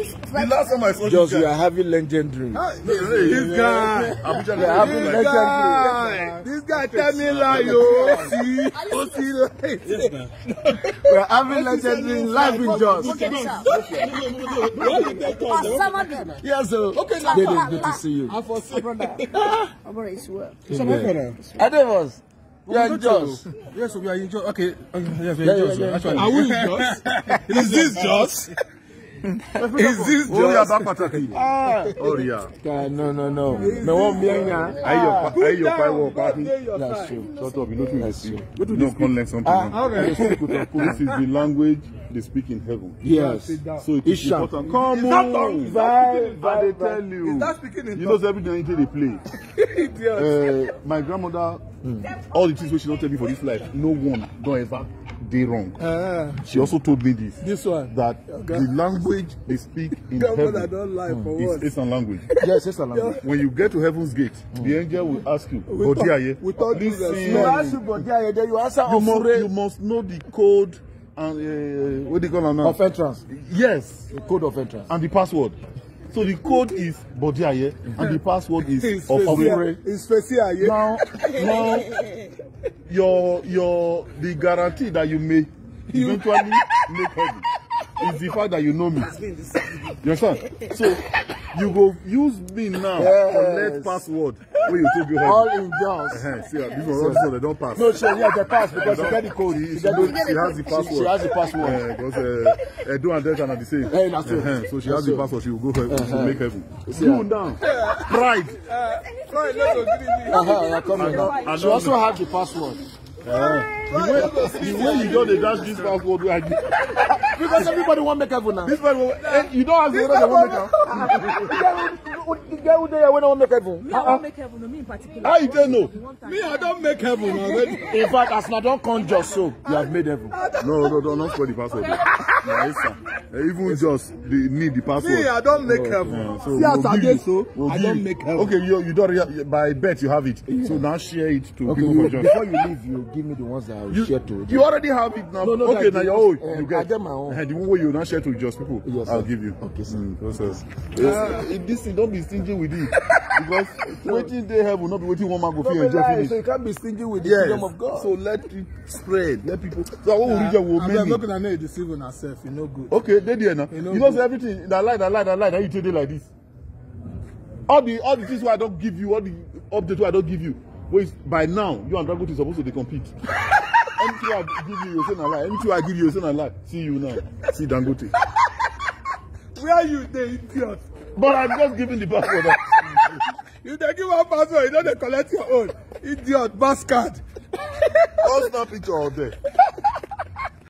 Which the last time I saw Just you are having legendary. Ah, this, this guy. Abuja you are having legendary. Guy. This guy tell me lie, yo. Oh, see, oh, see, like. We are having legendary Live with Josh. Okay, sir. Yes, sir. Okay, now. Good to see you. I'm for brother. I'm for his work. Adevos. You are Josh. Yes, we are in Josh. Okay. Yes, we are in Josh. Are we in Josh? Is this Josh? Is this just pàtàkì? Ọ̀rìà. Ah. Oh, no, no, no. Me I your I your ah. five pa party. That's true. Shut up, you know what you do. No learn something. Ah, this is the language they speak in heaven. Yes. So it is important. Come on. Bye, bye, they tell you. Is that speaking in You know every day they play. Uh, my grandmother, all the things wey she don tell me for this life, no one don ever dey wrong. Uh, ah, ah. she also told me this. This one. That okay. Oh, the language they speak in God, heaven I don't lie hmm. for is what? Eastern language. yes, Eastern language. when you get to heaven's gate, mm. the hmm. angel will ask you, Bodiaye. We thought this is. You ask you Bodiaye, then you answer you must, you must know the code and uh, what do you call it now? Of entrance. Yes. The code of entrance. And the password. So the code is Bodiaye, and the password is Ofure. Now, now your your the guarantee that you may eventually make heaven is the fact that you know me. You understand? So you go use me now yes. collect password wey you take go help all in jaws uh -huh. see this one all this they don pass no she yeah they pass because she get the code she, she, know, she has the password she, has the password because uh, Edo and Delta na the same hey, uh -huh. so she has the password she go go help uh -huh. make help you now pride pride no go gree me she also have the password the way, the way you don't know, dash this passport, like, because everybody want make heaven now. This man, you don't ask the other one make heaven the girl there when I make heaven. Me, I don't uh-uh. make heaven, me in particular. I don't know? Me, I don't make heaven already. In fact, as I don't come just so, you have made heaven. No, no, no, not for the password. no, yes, sir. Eh, even just the need the password. Me, I don't make no, heaven. Yeah, so See, as I get so, we'll I don't make heaven. Okay, you, you don't, by bet you have it. Yeah. So now share it to okay, people you, Before you leave, you give me the ones that I will you, share to. You already have it now. No, no, okay, now your own. Eh, you get. I get my own. And eh, the one you now share to just people, I'll give you. Okay, sir. Mm, process. Uh, mm, this, don't be stingy stingy with it because waiting dey heaven will not be waiting one man go fit enjoy so you can't be stingy with yes. the kingdom of God. so let it spread let people so àwọn olùjẹ wo many. abeg make una know you deceive una sef e no good. okay dey there na you know say everything na lie na lie na lie na you take like this all the all the things wey i don't give you all the updates wey i don't give you wey by now you and dangote supposed to compete anything i give you you say na lie anything i give you you say na lie see you now see dangote. where are you the idiot. But I'm just giving the password. you dey give one password, you no collect your own. Idiot, bastard. All snap picture all day.